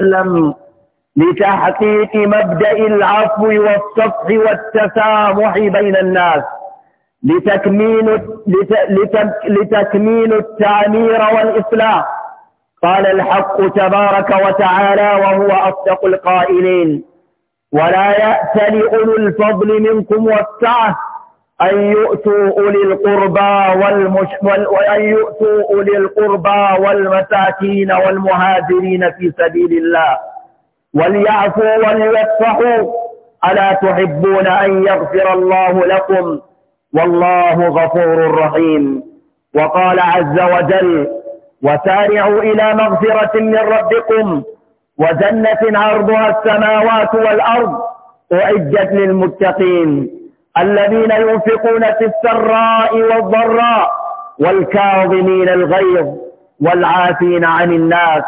وسلم لتحقيق مبدأ العفو والصفح والتسامح بين الناس لتكمين, لت... لت... لتكمين التعمير والإصلاح قال الحق تبارك وتعالى وهو أصدق القائلين ولا يأتل أولو الفضل منكم والسعه أن يؤتوا أولي القربى والمش... وال... وأن يؤتوا أولي القربى والمساكين والمهاجرين في سبيل الله وليعفوا وليصفحوا ألا تحبون أن يغفر الله لكم والله غفور رحيم وقال عز وجل وسارعوا إلى مغفرة من ربكم وجنة عرضها السماوات والأرض أعدت للمتقين الذين ينفقون في السراء والضراء والكاظمين الغيظ والعافين عن الناس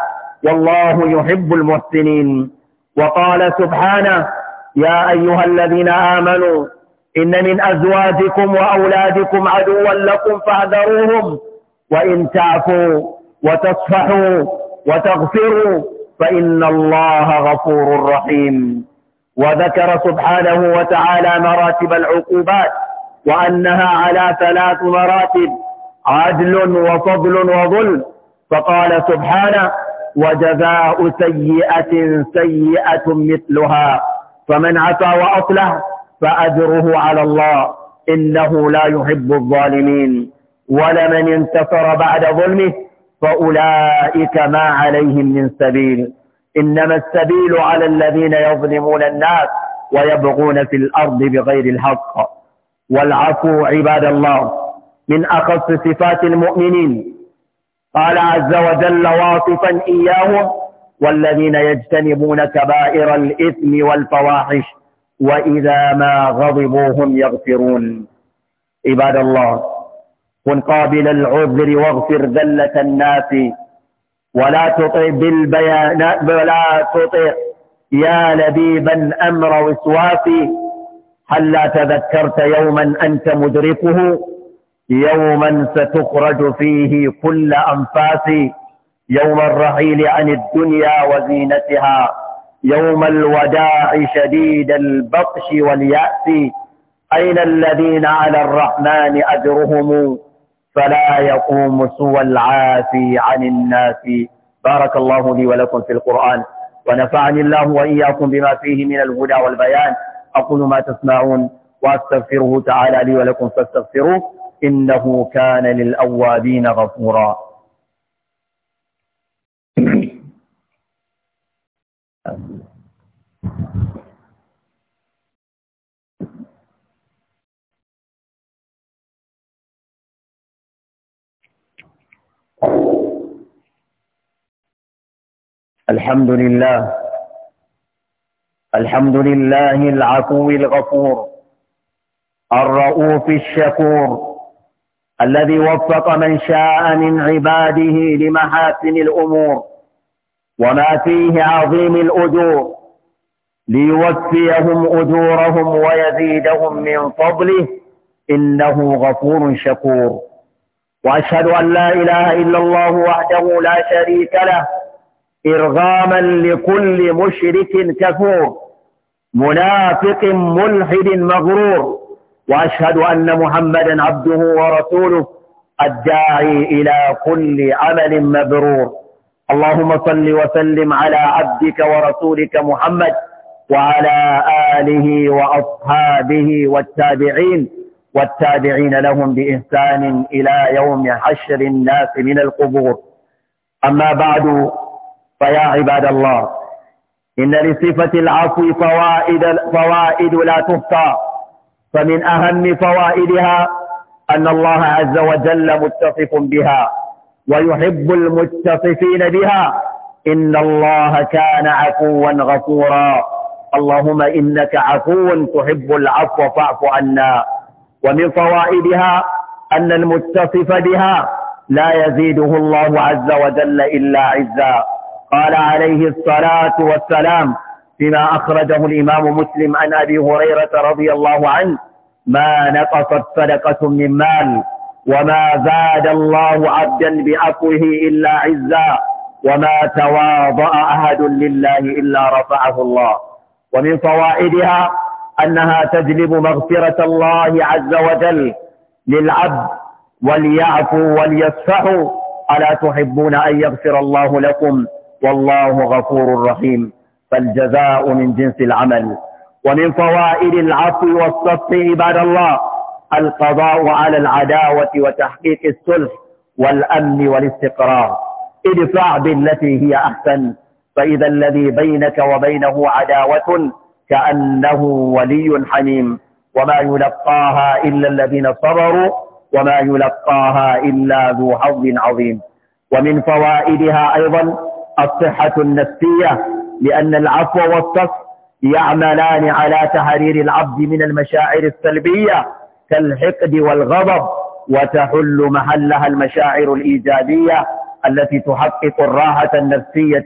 والله يحب المحسنين وقال سبحانه يا أيها الذين آمنوا إن من أزواجكم وأولادكم عدوا لكم فاحذروهم وإن تعفوا وتصفحوا وتغفروا فإن الله غفور رحيم وذكر سبحانه وتعالى مراتب العقوبات وأنها على ثلاث مراتب عدل وفضل وظلم فقال سبحانه وجزاء سيئة سيئة مثلها فمن عفا وأصلح فأجره على الله إنه لا يحب الظالمين ولمن انتصر بعد ظلمه فأولئك ما عليهم من سبيل إنما السبيل على الذين يظلمون الناس ويبغون في الأرض بغير الحق والعفو عباد الله من أخص صفات المؤمنين قال عز وجل واصفا إياهم والذين يجتنبون كبائر الإثم والفواحش وإذا ما غضبوا هم يغفرون عباد الله كن قابل العذر واغفر ذلة الناس ولا تطع بالبيانات ولا تطع يا لبيبا أمر وسواسي هلا تذكرت يوما أنت مدركه يوما ستخرج فيه كل أنفاس يوم الرحيل عن الدنيا وزينتها يوم الوداع شديد البطش واليأس أين الذين على الرحمن أجرهم فلا يقوم سوى العافي عن الناس بارك الله لي ولكم في القرآن ونفعني الله وإياكم بما فيه من الهدى والبيان أقول ما تسمعون وأستغفره تعالى لي ولكم فاستغفروه إنه كان للأوابين غفورا Thank you. الحمد لله الحمد لله العفو الغفور الرؤوف الشكور الذي وفق من شاء من عباده لمحاسن الأمور وما فيه عظيم الأجور ليوفيهم أجورهم ويزيدهم من فضله إنه غفور شكور وأشهد أن لا إله إلا الله وحده لا شريك له إرغاما لكل مشرك كفور منافق ملحد مغرور وأشهد أن محمدا عبده ورسوله الداعي إلى كل عمل مبرور اللهم صل وسلم على عبدك ورسولك محمد وعلى آله وأصحابه والتابعين والتابعين لهم بإحسان إلى يوم حشر الناس من القبور أما بعد فيا عباد الله إن لصفة العفو فوائد, فوائد لا تفتى فمن أهم فوائدها أن الله عز وجل متصف بها ويحب المتصفين بها إن الله كان عفوا غفورا اللهم إنك عفو تحب العفو فاعف عنا ومن فوائدها أن المتصف بها لا يزيده الله عز وجل إلا عزا قال عليه الصلاة والسلام فيما أخرجه الإمام مسلم عن أبي هريرة رضي الله عنه ما نقصت صدقة من مال وما زاد الله عبدا بعفوه إلا عزا وما تواضع أحد لله إلا رفعه الله ومن فوائدها أنها تجلب مغفرة الله عز وجل للعبد وليعفوا وليصفحوا ألا تحبون أن يغفر الله لكم والله غفور رحيم فالجزاء من جنس العمل ومن فوائد العفو والصفح عباد الله القضاء على العداوة وتحقيق السلح والأمن والاستقرار ادفع بالتي هي أحسن فإذا الذي بينك وبينه عداوة كأنه ولي حميم وما يلقاها إلا الذين صبروا وما يلقاها إلا ذو حظ عظيم ومن فوائدها أيضا الصحة النفسية لأن العفو والصف يعملان على تحرير العبد من المشاعر السلبية كالحقد والغضب وتحل محلها المشاعر الإيجابية التي تحقق الراحة النفسية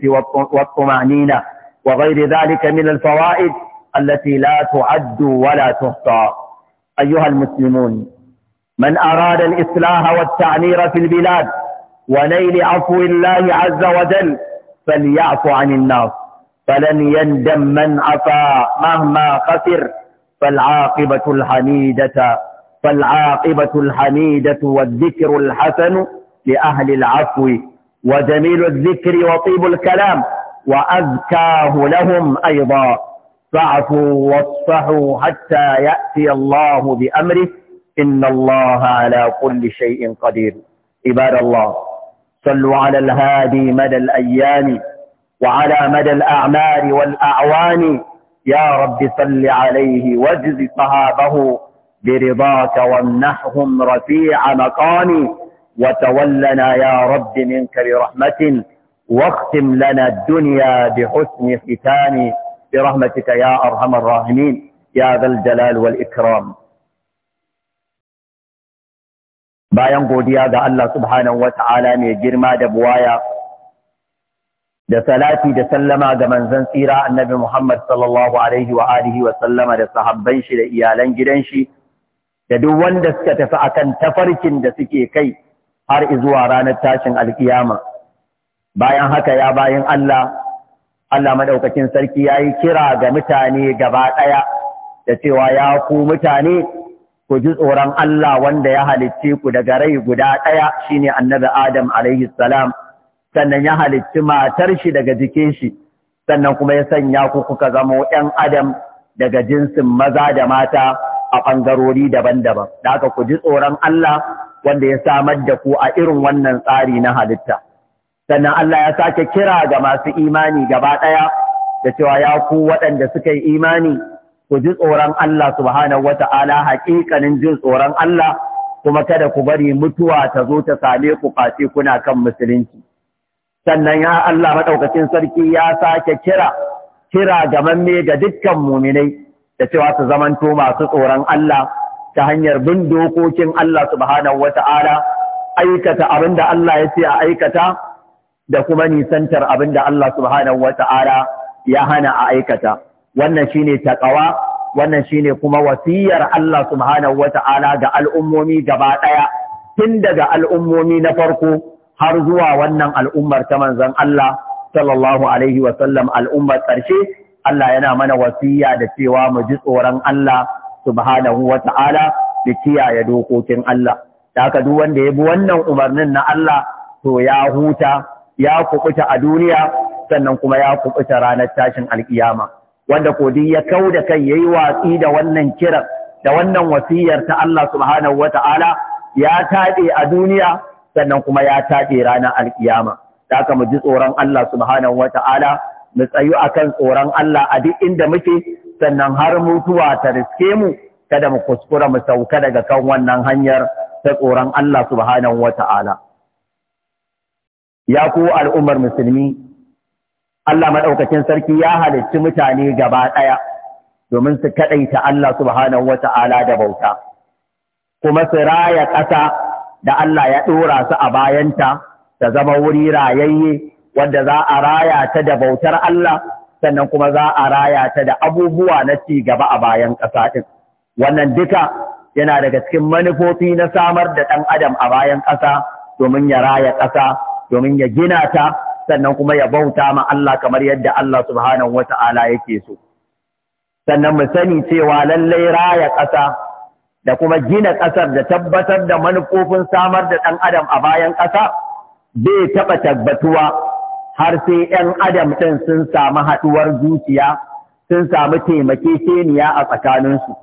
والطمأنينة وغير ذلك من الفوائد التي لا تعد ولا تحصى أيها المسلمون من أراد الإصلاح والتعمير في البلاد ونيل عفو الله عز وجل فليعفو عن الناس فلن يندم من عفا مهما خسر فالعاقبة الحميدة فالعاقبة الحميدة والذكر الحسن لأهل العفو وجميل الذكر وطيب الكلام وأذكاه لهم أيضا فاعفوا واصفحوا حتى يأتي الله بأمره إن الله على كل شيء قدير عباد الله صلوا على الهادي مدى الأيام وعلى مدى الأعمار والأعوان يا رب صل عليه واجز صحابه برضاك وامنحهم رفيع مقام وتولنا يا رب منك برحمة واختم لنا الدنيا بحسن ختام برحمتك يا أرحم الراحمين يا ذا الجلال والإكرام bayan godiya ga Allah subhanahu wata'ala mai girma da buwaya da salati da sallama ga manzon tsira annabi Muhammad sallallahu alaihi wa alihi wa sallama da sahabban shi da iyalan gidan shi da duk wanda suka tafi akan tafarkin da suke kai har zuwa ranar tashin alkiyama bayan haka ya bayan Allah Allah madaukakin sarki yayi kira ga mutane gaba daya da cewa ya ku mutane ku ji tsoron Allah wanda ya halicce ku daga rai guda ɗaya shine annabi Adam alaihi salam sannan ya halicci matar shi daga jikin shi sannan kuma ya sanya ku kuka zamo ‘yan Adam daga jinsin maza da mata a ɓangarori daban-daban da haka ku ji tsoron Allah wanda ya samar da ku a irin wannan tsari na halitta sannan Allah ya sake kira ga masu imani gaba ɗaya da cewa ya ku waɗanda suka yi imani ku ji tsoron Allah subhanahu wata'ala haƙiƙanin jin tsoron Allah kuma kada ku bari mutuwa ta zo ta same ku face kuna kan musulunci sannan ya Allah maɗaukacin sarki ya sake kira kira gamamme ga dukkan muminai da cewa su zamanto masu tsoron Allah ta hanyar bin dokokin Allah subhanahu aikata abin da Allah ya ce a aikata da kuma nisantar abin da Allah subhanahu wata'ala ya hana a aikata wannan shine taqwa wannan shine kuma wasiyar Allah subhanahu wata'ala ga al'ummomi gaba ɗaya tun daga al'ummomi na farko har zuwa wannan al'ummar ta manzon Allah sallallahu alaihi wa sallam al'ummar ƙarshe Allah yana mana wasiya da cewa mu ji tsoron Allah subhanahu wata'ala da kiyaye dokokin Allah da haka duk wanda ya bi wannan umarnin na Allah to ya huta ya kubuta a duniya sannan kuma ya kubuta ranar tashin alkiyama wanda kodi ya kau da kai yayi watsi da wannan kiran da wannan wasiyar ta Allah subhanahu ya taɗe a duniya sannan kuma ya taɗe ranar alkiyama da haka mu ji tsoron Allah subhanahu mu tsayu akan tsoron Allah a duk inda muke sannan har mutuwa ta riske mu kada mu kuskura mu sauka daga kan wannan hanyar ta tsoron Allah subhanahu ya ku al'ummar musulmi Allah maɗaukacin sarki ya halicci mutane gaba ɗaya domin su kaɗaita Allah subhanahu wa ta'ala da bauta, kuma su raya ƙasa da Allah ya ɗora su a bayanta ta zama wuri rayayye wanda za a raya ta da bautar Allah sannan kuma za a raya ta da abubuwa na ci gaba a bayan ƙasa ɗin. Wannan duka yana daga cikin manufofi na samar da ɗan adam a bayan ƙasa domin ya raya ƙasa, domin ya gina ta, sannan kuma ya bauta ma Allah kamar yadda Allah subhanahu wata'ala yake so sannan mu sani cewa lallai raya ƙasa da kuma gina ƙasar da tabbatar da manufofin samar da ɗan adam a bayan ƙasa Zai taɓa tabbatuwa har sai ‘yan adam ɗin sun samu haɗuwar zuciya sun samu teniya a tsakaninsu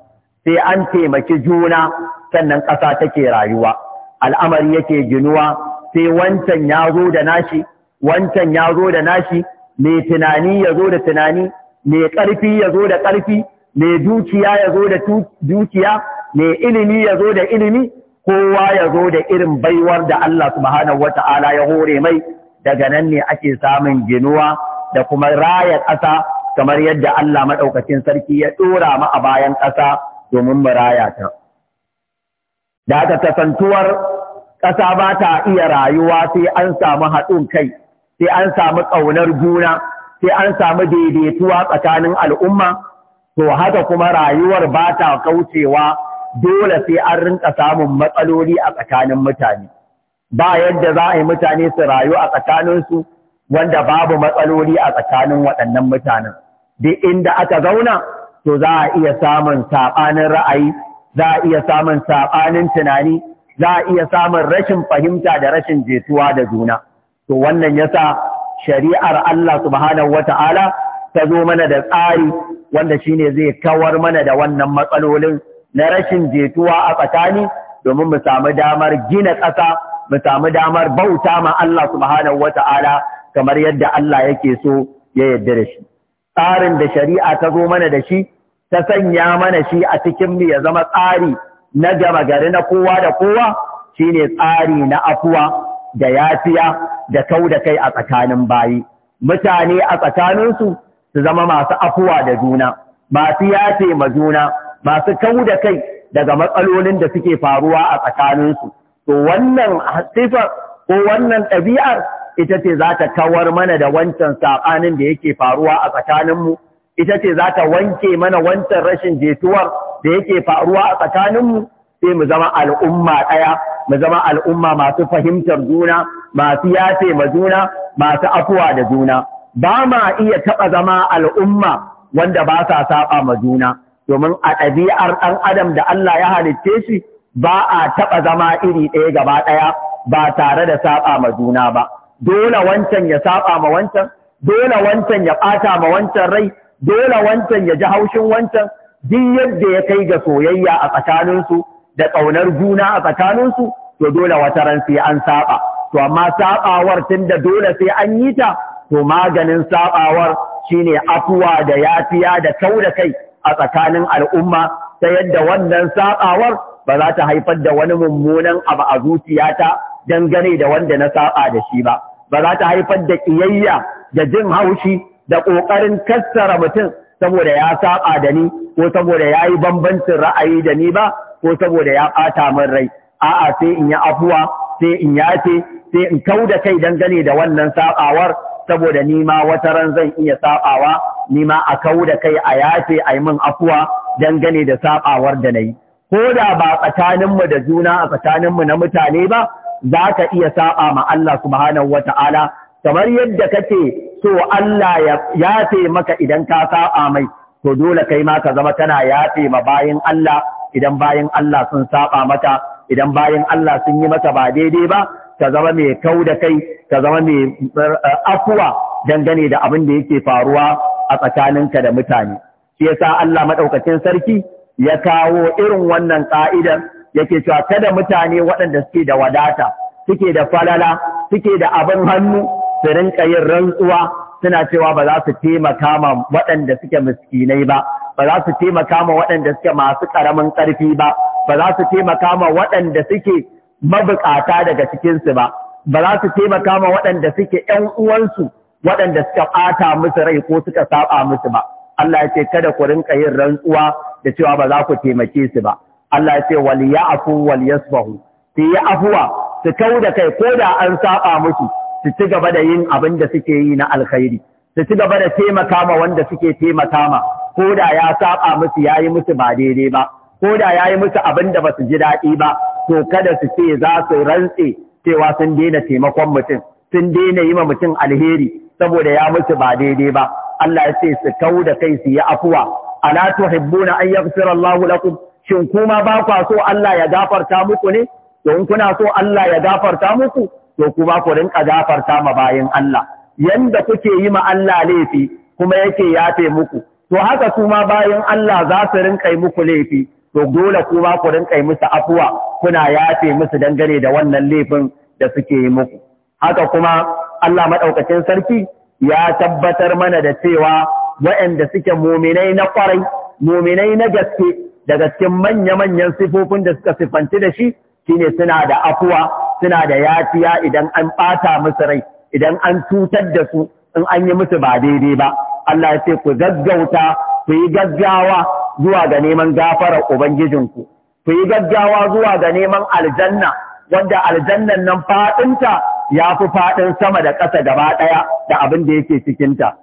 sai an taimaki juna sannan ƙasa take rayuwa al'amari yake ginuwa sai wancan ya zo da nashi wancan ya zo da nashi mai tunani ya zo da tunani mai ƙarfi ya zo da ƙarfi mai dukiya ya zo da dukiya mai ilimi ya zo da ilimi kowa ya zo da irin baiwar da Allah subhanahu wata'ala ya hore mai daga nan ne ake samun ginuwa da kuma raya ƙasa kamar yadda Allah maɗaukacin sarki ya ɗora mu a bayan ƙasa domin mu raya ta. Da aka kasantuwar ƙasa ba ta iya rayuwa sai an samu haɗin kai sai an samu ƙaunar juna sai an samu daidaituwa tsakanin al'umma to haka kuma rayuwar ba ta kaucewa dole sai an rinka samun matsaloli a tsakanin mutane ba yadda za a yi mutane su rayu a tsakaninsu wanda babu matsaloli a tsakanin waɗannan mutanen duk inda aka zauna to za a iya samun saɓanin ra'ayi za a iya samun saɓanin tunani za a iya samun rashin fahimta da rashin jituwa da juna. to wannan yasa shari'ar Allah subhanahu wata'ala ta zo mana da tsari wanda shine zai kawar mana da wannan matsalolin na rashin jituwa a tsakani domin mu samu damar gina ƙasa mu samu damar bauta ma Allah subhanahu wata'ala kamar yadda Allah yake so ya yarda da shi tsarin da shari'a ta zo mana da shi ta sanya mana shi a cikin mu ya zama tsari na gama gari na kowa da kowa shine tsari na afuwa da yafiya da kau da kai a tsakanin bayi mutane a tsakaninsu su zama masu afuwa da juna masu yafe ma juna masu kau da kai daga matsalolin da suke faruwa a tsakaninsu to wannan sifar ko wannan ɗabi'ar ita ce za ta kawar mana da wancan saɓanin da yake faruwa a tsakaninmu ita ce za ta wanke mana wancan rashin jituwar da yake faruwa a tsakaninmu sai mu zama al'umma ɗaya mu zama al'umma masu fahimtar juna masu yafe ma juna masu afuwa da juna ba ma iya taɓa zama al'umma wanda ba sa saɓa ma juna domin a ɗabi'ar ɗan adam da Allah ya halicce shi ba a taɓa zama iri ɗaya gaba ɗaya ba tare da saɓa ma juna ba dole wancan ya saɓa ma wancan dole wancan ya ɓata ma wancan rai dole wancan ya ji haushin wancan duk yadda ya kai ga soyayya a tsakaninsu da ƙaunar juna a tsakaninsu to dole wata ran sai an saba to amma sabawar tun da dole sai an yi ta to maganin sabawar shine afuwa da yafiya da kau da kai a tsakanin al'umma ta yadda wannan sabawar ba za ta haifar da wani mummunan abu a zuciyata dangane da wanda na saba da shi ba ba za ta haifar da ƙiyayya da jin haushi da ƙoƙarin kassara mutum saboda ya saba da ni ko saboda ya yi bambancin ra'ayi da ni ba ko saboda ya ɓata min rai a'a sai in yi afuwa sai in yace sai in kau da kai dangane da wannan saɓawar saboda ni ma wata ran zan iya saɓawa ni ma a kau da kai a yafe a yi min afuwa dangane da saɓawar da na yi ko da ba tsakaninmu da juna a tsakaninmu na mutane ba za ka iya saɓa ma Allah subhanahu Ala, kamar yadda kake so Allah ya yafe maka idan ka saɓa mai to dole kai ma ka zama kana yafe ma bayin Allah idan bayan Allah sun saba mata idan bayan Allah sun yi mata ba daidai ba ta zama mai kau da kai ta zama mai eh, afuwa dangane da abin da yake faruwa a tsakaninka da mutane shi yasa Allah madaukakin sarki ya kawo irin wannan ka'idar yake cewa kada mutane waɗanda suke da wadata suke da falala suke da abin hannu su rinka yin rantsuwa suna cewa ba za su taimaka ma waɗanda suke miskinai ba ba za su taimaka ma waɗanda suke masu ƙaramin ƙarfi ba ba za su taimaka ma waɗanda suke mabukata daga cikinsu ba ba za su taimaka ma waɗanda suke ‘yan uwansu waɗanda suka ɓata musu rai ko suka saɓa musu ba Allah ya ce kada ku rinka yin rantsuwa da cewa ba za ku taimake su ba Allah ya ce wal ya'fu wal yasfahu su yi afuwa su kau da kai ko da an saɓa musu su ci gaba da yin abin da suke yi na alkhairi su ci gaba da taimaka ma wanda suke taimaka ma ko da ya saba musu ya yi musu ba daidai ba ko da ya yi musu abin da ba su ji daɗi ba to kada su ce za su rantse cewa sun daina taimakon mutum sun daina yi ma mutum alheri saboda ya musu ba daidai ba Allah ya ce su kau da kai su yi afuwa ala tuhibbuna an yaghfira Allahu lakum shin kuma ba so Allah ya gafarta muku ne to in kuna so Allah ya gafarta muku to kuma ku rinka gafarta ma bayin Allah yanda kuke yi ma Allah laifi kuma yake yafe muku to haka kuma bayan Allah za su rinka muku laifi to dole kuma ku rinka musu afuwa kuna yafe musu dangane da wannan laifin da suke yi muku haka kuma Allah maɗaukacin sarki ya tabbatar mana da cewa waɗanda suke muminai na ƙwarai, muminai na gaske daga cikin manya-manyan sifofin da suka sifanci da shi shine suna da afuwa suna da yafiya idan an ɓata musu rai idan an cutar da su in an yi musu ba daidai ba Allah ya ce ku gaggauta ku yi gaggawa zuwa ga neman gafarar ubangijinku ku yi gaggawa zuwa ga neman aljanna wanda aljannan nan faɗinta ya fi faɗin sama da ƙasa gaba ɗaya da abin da yake cikinta.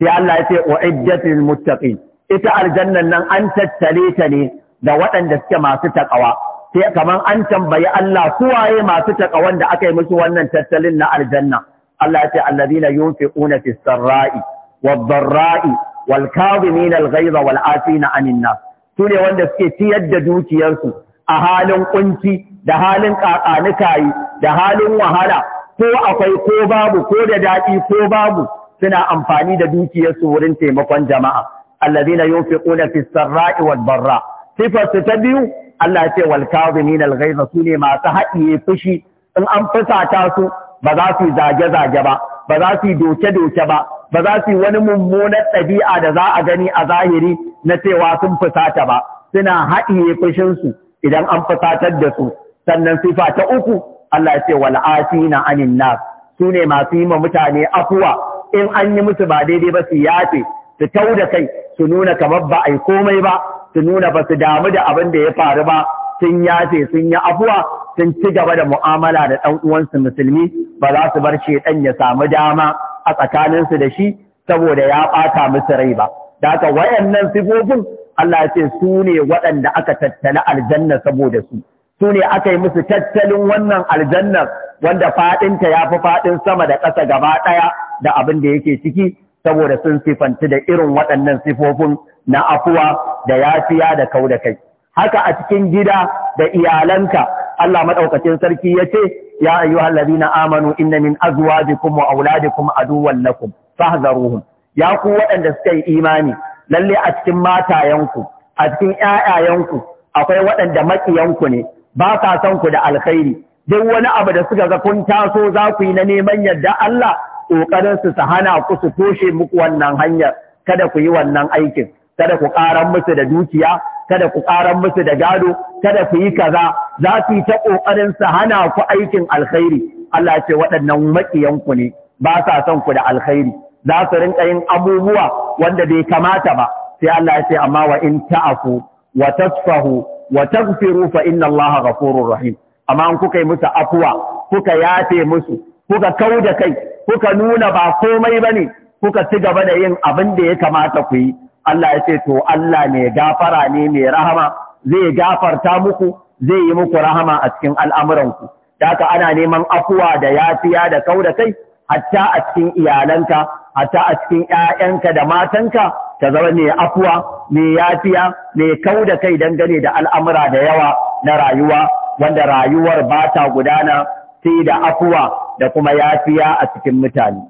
Sai Allah ya ce wa iddatil muttaqin ita aljannan nan an tattale ta ne da waɗanda suke masu taƙawa. Sai kamar an tambayi Allah suwaye masu taƙawan da aka yi musu wannan tattalin na aljanna. Allah ya ce allazina yunfiquna fis sarra'i wad dharra'i wal kadhimin al ghayza wal afina 'anil nas sune wanda suke ciyar da dukiyarsu a halin kunci da halin kakanikayi da halin wahala ko akwai ko babu ko da dadi ko babu suna amfani da dukiyarsu wurin taimakon jama'a allazina yunfiquna fis sarra'i wad barra sifatu ta biyu Allah ya ce wal kadhimin al ghayza sune masu haɗiye fushi in an fusata su ba za su zage-zage ba ba za su doke-doke ba ba za su wani mummunar ɗabi'a da za a gani a zahiri na cewa sun fusata ba suna haɗiye fushinsu idan an fusatar da su sannan sifa ta uku Allah ya ce wal na anin nas su ne masu yi ma mutane afuwa in an yi musu ba daidai ba su yafe su tau da kai su nuna kamar ba a yi komai ba su nuna ba su damu da abin da ya faru ba sun yafe sun yi afuwa sun ci gaba da mu'amala da ɗan uwansu musulmi ba za su bar shedan ya samu dama a tsakaninsu da shi saboda ya ɓata musu rai ba da haka wayannan sifofin Allah ya ce su ne waɗanda aka tattala aljanna saboda su su ne aka yi musu tattalin wannan aljanna wanda faɗinta ya fi faɗin sama da ƙasa gaba ɗaya da abin da yake ciki saboda sun sifanci da irin waɗannan sifofin na afuwa da yafiya da kau da kai haka a cikin gida da iyalanka Allah madaukakin sarki yace ya ayyuhal ladina amanu inna min azwajikum wa auladikum aduwwan lakum fahzaruhum ya ku waɗanda suka yi imani lalle a cikin matayenku a cikin ƴaƴayenku akwai waɗanda makiyanku ne ba sa son ku da alkhairi duk wani abu da suka ga kun taso za ku yi na neman yadda Allah ƙoƙarin su hana ku su toshe muku wannan hanyar kada ku yi wannan aikin kada ku ƙaran musu da dukiya kada ku ƙaran musu da gado kada ku yi kaza za su yi ta ƙoƙarin su hana ku aikin alkhairi Allah ce waɗannan maƙiyanku ne ba sa son ku da alkhairi za su rinka yin abubuwa wanda bai kamata ba sai Allah ya ce amma wa in ta'afu wa tasfahu wa taghfiru fa inna Allah ghafurur rahim amma in kuka yi musu afuwa kuka yafe musu kuka kau da kai kuka nuna ba komai bane kuka ci gaba da yin abin da ya kamata ku yi Allah ya ce to Allah mai gafara ne mai rahama zai gafarta muku zai yi muku rahama a cikin al'amuranku daka ana neman afuwa da yafiya da kau da kai hatta a cikin iyalanka hatta a cikin ‘ya'yanka da matanka ta zama mai afuwa mai yafiya mai kau da kai dangane da al'amura da yawa na rayuwa wanda rayuwar ba ta gudana sai da afuwa da kuma yafiya a cikin mutane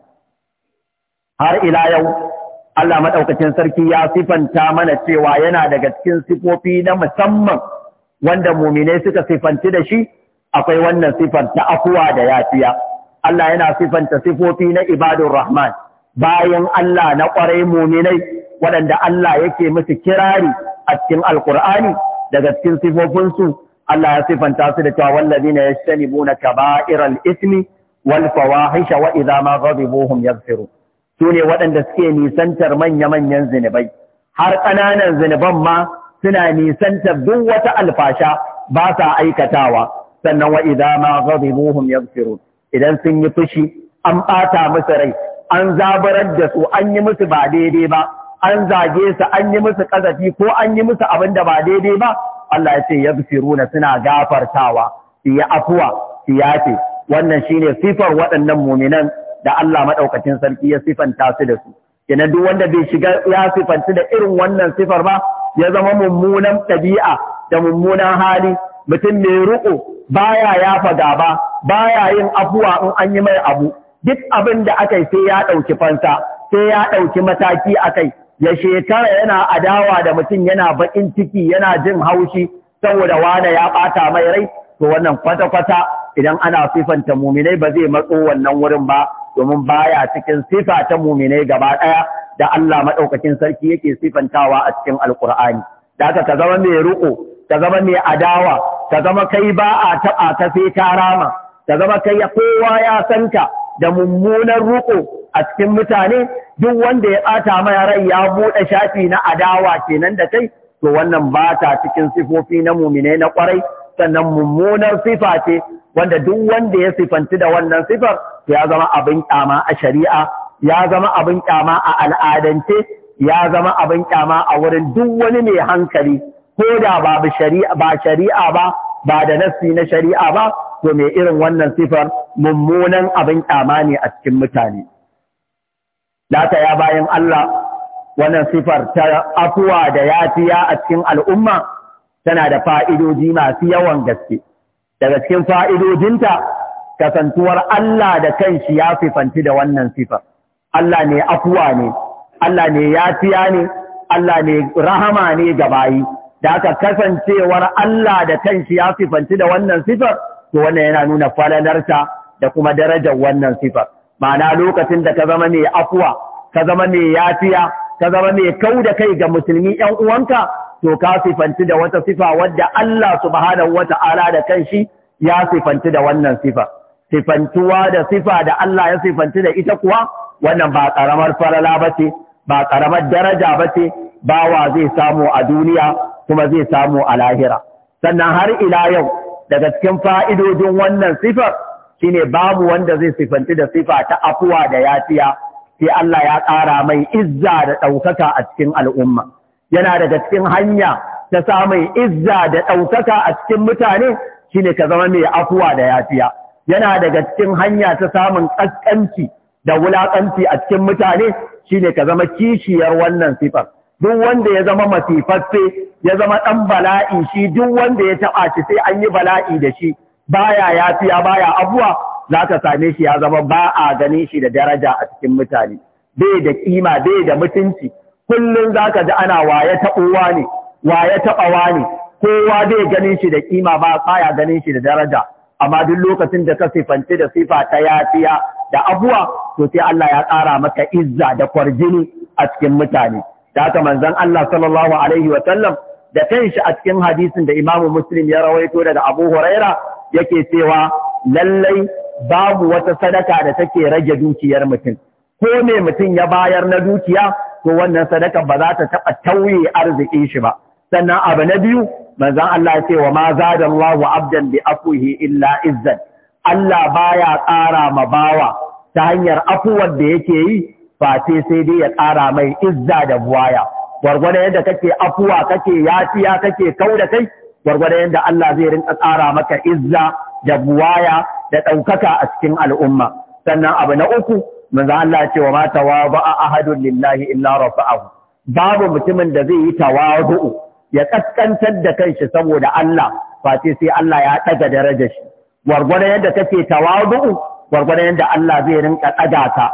har ila yau Allah maɗaukacin sarki ya sifanta mana cewa yana daga cikin sifofi na musamman wanda muminai suka sifanci da shi akwai wannan sifar ta afuwa da yafiya. Allah yana sifanta sifofi na ibadun Rahman bayan Allah na ƙwarai muminai waɗanda Allah yake musu kirari a cikin Alƙur'ani daga cikin sifofinsu Allah ya sifanta su da cewa wallazina yajtanibuna kaba'iral ismi wal fawahisha wa idza ma ghadibuhum yaghfirun su ne waɗanda suke nisantar manya-manyan zinubai har ƙananan zinuban ma suna nisantar duk wata alfasha ba sa aikatawa sannan wa idza ma ghadibuhum yaghfirun idan sun yi fushi an ɓata musu rai an zabarar da su an yi musu ba daidai ba an zage su an yi musu ƙazafi ko an yi musu abin da ba daidai ba Allah ya ce yaghfiruna suna gafartawa su yi afuwa su yafe wannan shine sifar waɗannan muminan da Allah maɗaukacin sarki ya sifanta su da su. Kina duk wanda bai shiga ya sifanci da irin wannan sifar ba ya zama mummunan ɗabi'a da mummunan hali mutum mai ruƙo baya yafa gaba baya yin afuwa in an yi mai abu duk abin da aka yi sai ya ɗauki fansa sai ya ɗauki mataki akai ya shekara yana adawa da mutum yana baƙin ciki yana jin haushi saboda wane ya ɓata mai rai to wannan kwata-kwata idan ana sifanta muminai ba zai matso wannan wurin ba domin baya cikin sifa ta mumine gaba ɗaya da Allah maɗaukakin sarki yake sifantawa a cikin alkur'ani da ka zama mai riƙo ka zama mai adawa ka zama kai ba a taɓa ta sai ka rama ka zama kai kowa ya santa, da mummunan riƙo a cikin mutane duk wanda ya ɓata mai rai ya buɗe shafi na adawa kenan da kai to wannan ba ta cikin sifofi na muminai na ƙwarai sannan mummunar sifa ce wanda duk wanda ya sifanti da wannan sifar ya zama abin kyama a shari'a ya zama abin kyama a al'adance ya zama abin kyama a wurin duk wani mai hankali ko da ba shari'a ba ba da nassi na shari'a ba to mai irin wannan sifar mummunan abin kyama ne a cikin mutane Lata ya bayan Allah wannan sifar ta afuwa da yafiya a cikin al'umma tana da fa'idoji masu yawan gaske daga cikin fa'idodinta kasantuwar Allah da kanshi ya fifanti da wannan sifar Allah ne afuwa ne Allah ne yafiya ne Allah ne rahama ne ga bayi da aka kasancewar Allah da kanshi ya sifanci da wannan sifar, to wannan yana nuna falalarta da kuma darajar wannan sifar. Ma'ana lokacin da ka zama mai afuwa, ka zama mai yafiya ka zama mai kau da kai ga musulmi ‘yan uwanka to ka sifanti da wata sifa wadda Allah subhanahu wa ta'ala da kanshi ya sifanti da wannan sifa sifantuwa da sifa da Allah ya sifanti da ita kuwa wannan ba ƙaramar farala ba ce ba ƙaramar daraja ba ce bawa zai samu a duniya kuma zai samu a lahira sannan har ila yau daga cikin fa'idodin wannan sifar shine babu wanda zai sifanti da sifa ta afuwa da yafiya sai Allah ya ƙara mai izza da ɗaukaka a cikin al'umma. Yana daga cikin hanya ta samun izza da ɗaukaka a cikin mutane shi ne ka zama mai afuwa da yafiya. Yana daga cikin hanya ta samun ƙasƙanci da wulaƙanci a cikin mutane shi ne ka zama kishiyar wannan sifar. Duk wanda ya zama masifaffe ya zama ɗan bala'i shi duk wanda ya taɓa shi sai an yi bala'i da shi baya yafiya baya abuwa za ka same shi ya zama ba a ganin shi da daraja a cikin mutane bai da kima bai da mutunci kullum za ka ji ana waye taɓowa ne waye taɓawa ne kowa bai ganin shi da kima ba baya ganin shi da daraja amma duk lokacin da ka sifanci da sifa ta yafiya da abuwa to sai Allah ya ƙara maka izza da kwarjini a cikin mutane da haka manzon Allah sallallahu alaihi wa sallam da kanshi a cikin hadisin da Imam Muslim ya rawaito daga Abu Huraira yake cewa lallai babu wata sadaka da take rage dukiyar mutum ko me mutum ya bayar na dukiya to wannan sadaka ba za ta taɓa tauye arziki shi ba sannan abu na biyu manzon Allah ya ce wa ma zada Allahu abdan bi afuhi illa izzan Allah baya ƙara ma bawa ta hanyar afuwar da yake yi face sai dai ya ƙara mai izza da buwaya gwargwada yadda kake afuwa kake yafiya kake kau da kai gwargwadon yadda Allah zai rinka ƙara maka izza da buwaya da ɗaukaka a cikin al'umma sannan abu na uku manzo Allah ce wa ma tawaba'a ahadun lillahi illa rafa'ahu babu mutumin da zai yi tawadu'u ya kaskantar da kanshi saboda Allah face sai Allah ya ɗaga darajar shi gwargwadon yadda kake tawadu'u gwargwadon yadda Allah zai rinka ɗaga ka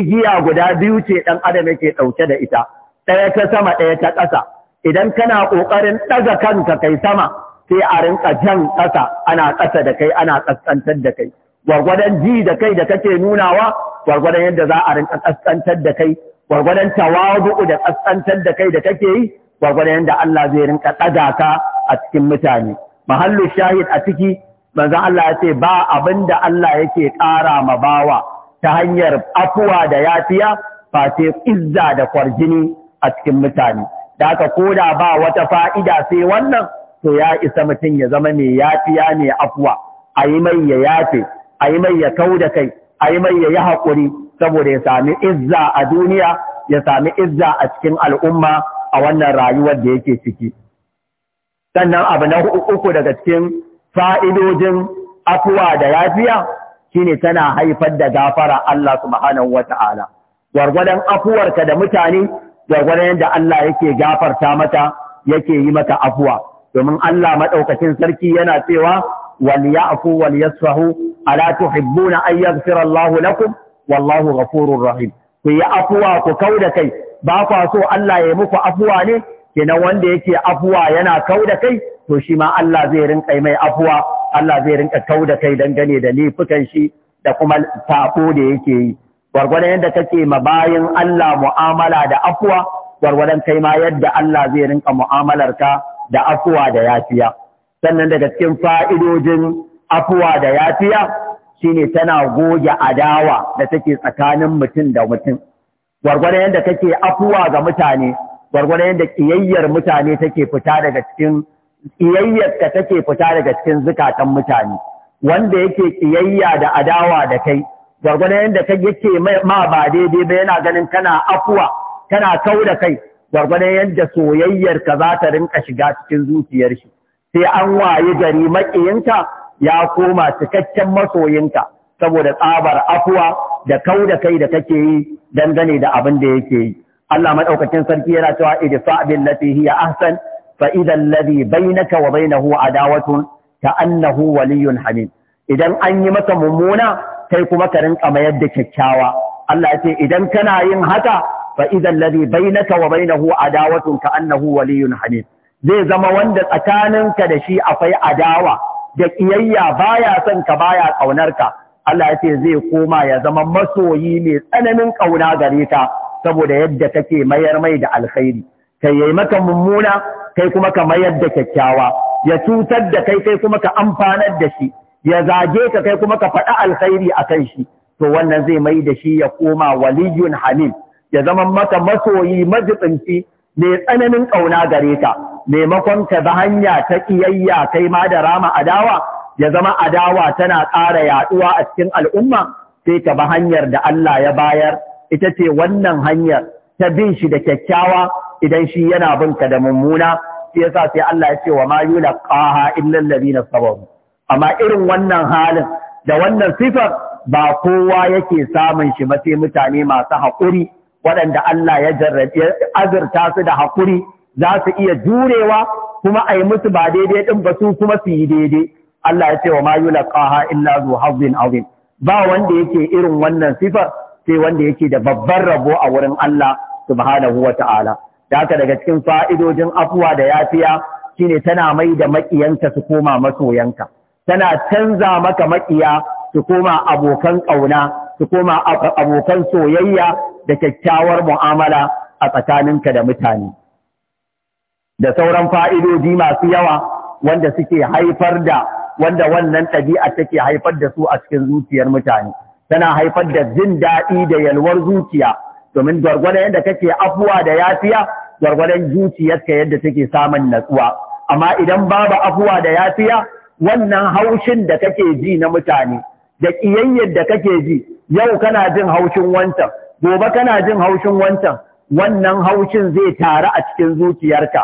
igiya guda biyu ce ɗan adam yake ɗauke da ita ɗaya ta sama ɗaya ta ƙasa idan kana ƙoƙarin ɗaga kanka kai sama sai a rinka jan ƙasa ana ƙasa da kai ana ƙasƙantar da kai gwargwadon ji da kai da kake nunawa gwargwadon yadda za a rinka ƙasƙantar da kai gwargwadon tawadu da ƙasƙantar da kai da kake yi gwargwadon yadda Allah zai rinka ɗaga ka a cikin mutane mahallu shahid a ciki manzon Allah ya ce ba abin da Allah yake ƙara ma bawa ta hanyar afuwa da yafiya ba sai izza da kwarjini a cikin mutane da haka koda ba wata fa'ida sai wannan to ya isa mutum ya zama mai yafiya mai afuwa a yi mai ya yafe a yi mai ya kau da kai a yi mai ya yi haƙuri saboda ya sami izza a duniya ya sami izza a cikin al'umma a wannan rayuwar da yake ciki sannan abu na uku daga cikin fa'idojin afuwa da yafiya shine tana haifar da gafara Allah subhanahu wata'ala gwargwadon afuwarka da mutane gwargwadon yadda Allah yake gafarta mata yake yi mata afuwa domin Allah maɗaukacin sarki yana cewa wal ya'fu ala tuhibbuna an yaghfira Allah lakum wallahu ghafurur rahim ku yi afuwa ku kauda kai ba kwa so Allah ya muku afuwa ne kenan wanda yake afuwa yana kauda kai to shi ma Allah zai rinka mai afuwa Allah zai rinka kauda kai dangane da lifukan shi da kuma sabo da yake yi gwargwadon yadda kake ma bayan Allah mu'amala da afuwa gwargwadon kai ma yadda Allah zai rinka mu'amalar ka da afuwa da yafiya sannan daga cikin fa'idojin afuwa da yafiya shine tana goge adawa da take tsakanin mutum da mutum gwargwadon yadda kake afuwa ga mutane gwargwadon yadda kiyayyar mutane take fita daga cikin kiyayyar ka take fita daga cikin zukatan mutane wanda yake kiyayya da adawa da kai gwargwadon yadda kai yake ma ba daidai ba yana ganin kana afuwa kana kau da kai gwargwadon yadda soyayyarka za ta rinka shiga cikin zuciyar shi sai an waye gari maƙiyinka ya koma cikakken masoyinka saboda tsabar afuwa da kau da kai da kake yi dangane da abin da yake yi Allah madaukakin sarki yana cewa idfa bil lati hiya ahsan fa idan alladhi bainaka wa bainahu adawatun ka annahu waliyyun hamim idan an yi masa mummuna kai kuma ka rinka mayar da kyakkyawa Allah ya ce idan kana yin haka fa idan ladhi bainaka wa bainahu tun ka annahu waliyyun hamil. zai zama wanda tsakaninka da shi akwai adawa da kiyayya baya son ka baya kaunar ka Allah yace zai koma ya zama masoyi mai tsananin kauna gare ka saboda yadda kake mayar mai da alkhairi kai yayi maka mummuna kai kuma ka mayar da kyakkyawa ya cutar da kai kai kuma ka amfanar da shi ya zage ka kai kuma ka faɗa alkhairi akan shi to wannan zai mai da shi ya koma waliyun hamid ya zama maka masoyi majibinci mai tsananin ƙauna gare ka maimakon ka bi hanya ta ƙiyayya kai ma da rama adawa ya zama adawa tana ƙara yaɗuwa a cikin al'umma sai ka bi hanyar da Allah ya bayar ita ce wannan hanyar ta bin shi da kyakkyawa idan shi yana bin ka da mummuna shi yasa sai Allah ya ce wa ma in lallabi na sabaru amma irin wannan halin da wannan sifar ba kowa yake samun shi ba sai mutane masu haƙuri waɗanda Allah ya azurta su da haƙuri za su iya jurewa kuma a yi musu ba daidai ɗin ba su kuma su yi daidai. Allah ya ce wa mayu laƙaha illa zu hazin azim. Ba wanda yake irin wannan sifar sai wanda yake da babban rabo a wurin Allah subhanahu wa ta'ala. Da haka daga cikin fa'idojin afuwa da yafiya shine tana mai da maƙiyanka su koma masoyanka. Tana canza maka maƙiya su koma abokan ƙauna su koma abokan soyayya da kyakkyawar mu'amala a tsakaninka da mutane. Da sauran fa'idodi masu yawa wanda suke haifar da wanda wannan ɗabi'a take haifar da su a cikin zuciyar mutane. Tana haifar da jin daɗi da yalwar zuciya domin gwargwadon yadda kake afuwa da yafiya gwargwadon zuciyarka yadda take samun natsuwa. Amma idan babu afuwa da yafiya wannan haushin da kake ji na mutane da ƙiyayyar da kake ji yau kana jin haushin wancan gobe kana jin haushin wancan wannan haushin zai taru a cikin zuciyarka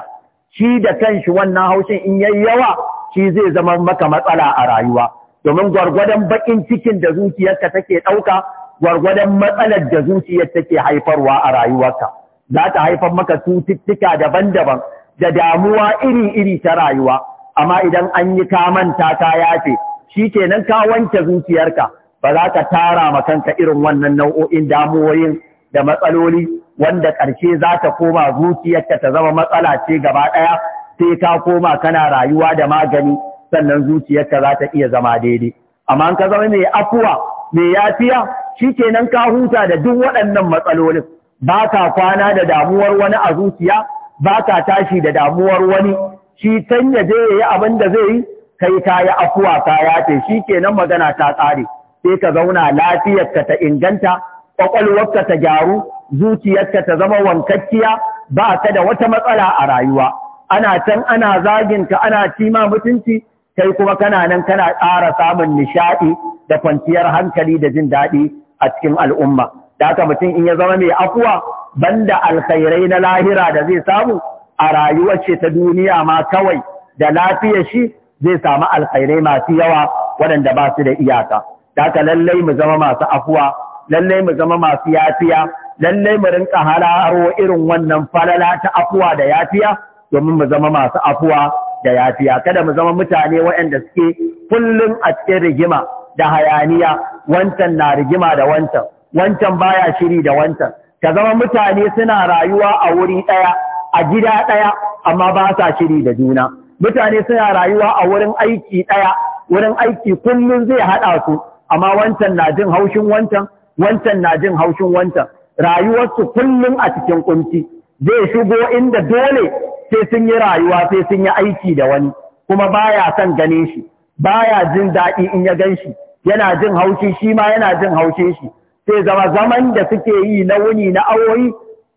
shi da kanshi wannan haushin in yayi yawa shi zai zama maka matsala a rayuwa domin gwargwadon baƙin cikin da zuciyarka take ɗauka gwargwadon matsalar da zuciyar take haifarwa a rayuwarka za ta haifar maka cututtuka daban-daban da damuwa iri-iri ta rayuwa amma idan an yi kamanta ta yafe shi kenan ka wanke zuciyarka ba za ka tara ma kanka irin wannan nau'o'in damuwoyin da matsaloli wanda ƙarshe za ta koma zuciyarka ta zama matsala ce gaba ɗaya sai ka koma kana rayuwa da magani sannan zuciyarka za ta iya zama daidai amma ka zama mai afuwa mai yafiya shikenan ka huta da duk waɗannan matsalolin ba ka kwana da damuwar wani a zuciya ba ka tashi da damuwar wani shi can ya je ya yi abin da zai yi kai ka yi afuwa ka yafe shikenan magana ta tsare. sai ka zauna lafiyarka ta inganta ƙwaƙwalwarka ta gyaru zuciyarka ta zama wankakkiya ba ka da wata matsala a rayuwa ana can ana zaginka ana cima mutunci kai kuma kana nan kana ƙara samun nishaɗi da kwanciyar hankali da jin daɗi a cikin al'umma da haka mutum in ya zama mai afuwa banda alkhairai na lahira da zai samu a rayuwar ce ta duniya ma kawai da lafiyar shi zai samu alkhairai masu yawa waɗanda ba su da iyaka Daka lallai mu zama masu afuwa, lallai mu zama masu yafiya, lallai mu rinka halaro irin wannan falala ta afuwa da yafiya domin mu zama masu afuwa da yafiya. Kada mu zama mutane waɗanda suke kullum a cikin rigima da hayaniya, wancan na rigima da wancan, wancan baya shiri da wancan. Ka zama mutane suna rayuwa a wuri ɗaya, a gida ɗaya, amma ba sa shiri da juna. Mutane suna rayuwa a wurin aiki ɗaya, wurin aiki kullum zai haɗa su, amma wancan na jin haushin wancan wancan na jin haushin wancan rayuwarsu kullum a cikin kunci zai shigo inda dole sai sun yi rayuwa sai sun yi aiki da wani kuma baya son ganin shi baya jin daɗi in ya gan shi yana jin haushi shi ma yana jin haushin shi sai zama zaman da suke yi na wuni na awoyi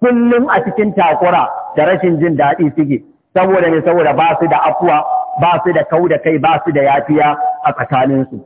kullum a cikin takura da rashin jin daɗi suke saboda ne saboda ba su da afuwa ba su da kau da kai ba su da yafiya a tsakaninsu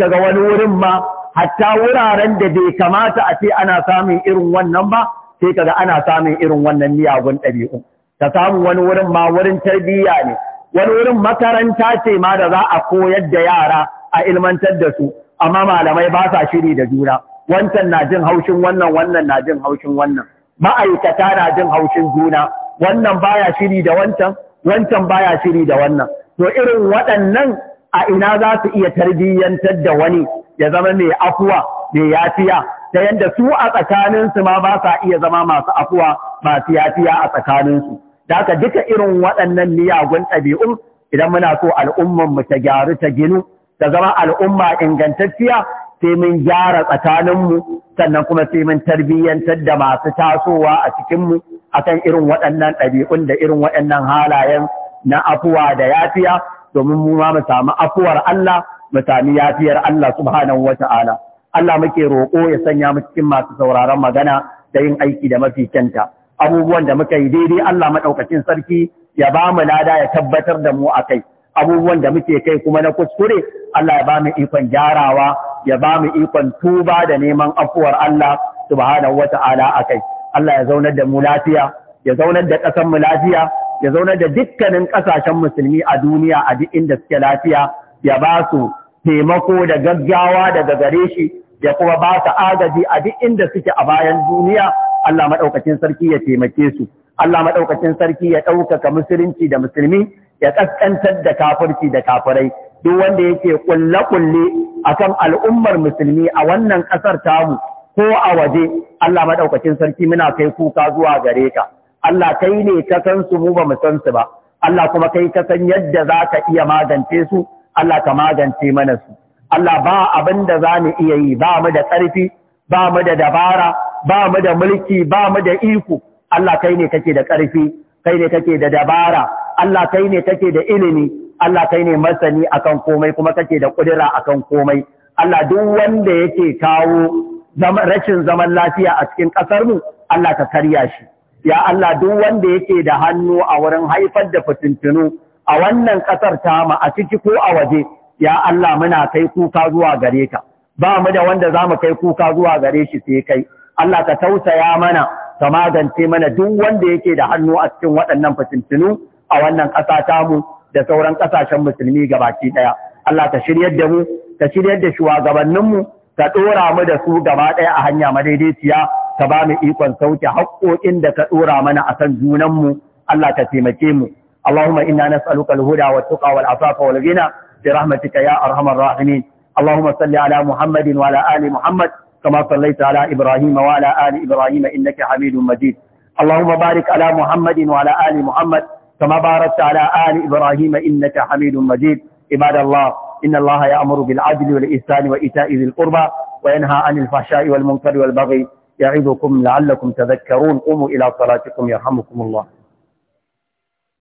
sai ga wani wurin ma hatta wuraren da bai kamata a ce ana samun irin wannan ba sai kaga ana samun irin wannan miyagun ɗabi'u ka samu wani wurin ma wurin tarbiyya ne wani wurin makaranta ce ma da za a koyar da yara a ilmantar da su amma malamai ba sa shiri da juna wancan na jin haushin wannan wannan na jin haushin wannan ma'aikata na jin haushin juna wannan baya shiri da wancan wancan baya shiri da wannan to irin waɗannan a ina za su iya tarbiyyantar da wani ya zama mai afuwa mai yafiya ta yadda su a tsakaninsu ma ba sa iya zama masu afuwa masu yafiya a tsakaninsu da haka duka irin waɗannan miyagun ɗabi'un idan muna so al'ummar mu ta gyaru ta ginu ta zama al'umma ingantacciya sai mun gyara tsakaninmu sannan kuma sai mun tarbiyyantar da masu tasowa a cikinmu akan irin waɗannan ɗabi'un da irin waɗannan halayen na afuwa da yafiya domin mu ma mu samu afuwar Allah mu sami yafiyar Allah subhanahu wata'ala Allah muke roƙo ya sanya mu cikin masu sauraron magana da yin aiki da mafi kyanta abubuwan da muka yi daidai Allah madaukakin sarki ya ba mu lada ya tabbatar da mu akai abubuwan da muke kai kuma na kuskure Allah ya ba mu ikon gyarawa ya ba mu ikon tuba da neman afuwar Allah subhanahu wata'ala akai Allah ya zaunar da mu lafiya ya zaunar da ƙasar mu lafiya ya zaunar da dukkanin ƙasashen musulmi a duniya a duk inda suke lafiya ya ba su taimako da gaggawa daga gare shi ya kuma ba su agaji a duk inda suke a bayan duniya Allah maɗaukacin sarki ya taimake su Allah maɗaukacin sarki ya ɗaukaka musulunci da musulmi ya ƙasƙantar da kafirci da kafirai duk wanda yake kulle-kulle akan al'ummar musulmi a wannan ƙasar tamu ko a waje Allah maɗaukacin sarki muna kai kuka zuwa gare ka Allah kai ne ka san su mu ba mu san su ba Allah kuma kai ka san yadda za ka iya magance su Allah ka magance mana su Allah ba abin da za mu iya yi ba mu da ƙarfi ba mu da dabara ba mu da mulki ba mu da iko Allah kai ne kake da ƙarfi kai ne kake da dabara Allah kai ne kake da ilimi Allah kai ne masani akan komai kuma kake da kudura akan komai Allah duk wanda yake kawo rashin zaman lafiya a cikin ƙasarmu Allah ka karya shi ya Allah duk wanda yake da hannu a wurin haifar da fitintunu a wannan ƙasar tama a ciki ko a waje ya Allah muna kai kuka zuwa gare ka ba mu da wanda za mu kai kuka zuwa gare shi sai kai Allah ka tausaya mana ka magance mana duk wanda yake da hannu a cikin waɗannan fitintunu a wannan ƙasa tamu da sauran ƙasashen musulmi gabaki ɗaya Allah ka shiryar da mu ka shiryar da shugabanninmu ka ɗora mu da su gaba ɗaya a hanya madaidaiciya ka ba mu ikon sauke haƙoƙin da ka ɗora mana a kan junanmu Allah ka taimake mu Allahumma inna nas'aluka al-huda wa tuqa wal afafa wal ghina bi rahmatika ya arhamar rahimin Allahumma salli ala Muhammadin wa ala ali Muhammad kama sallaita ala Ibrahim wa ala ali Ibrahim innaka Hamidum Majid Allahumma barik ala Muhammadin wa ala ali Muhammad kama barakta ala ali Ibrahim innaka Hamidum Majid ibadallah إن الله يأمر بالعدل والإحسان وإيتاء ذي القربى وينهى عن الفحشاء والمنكر والبغي يعظكم لعلكم تذكرون قوموا إلى صلاتكم يرحمكم الله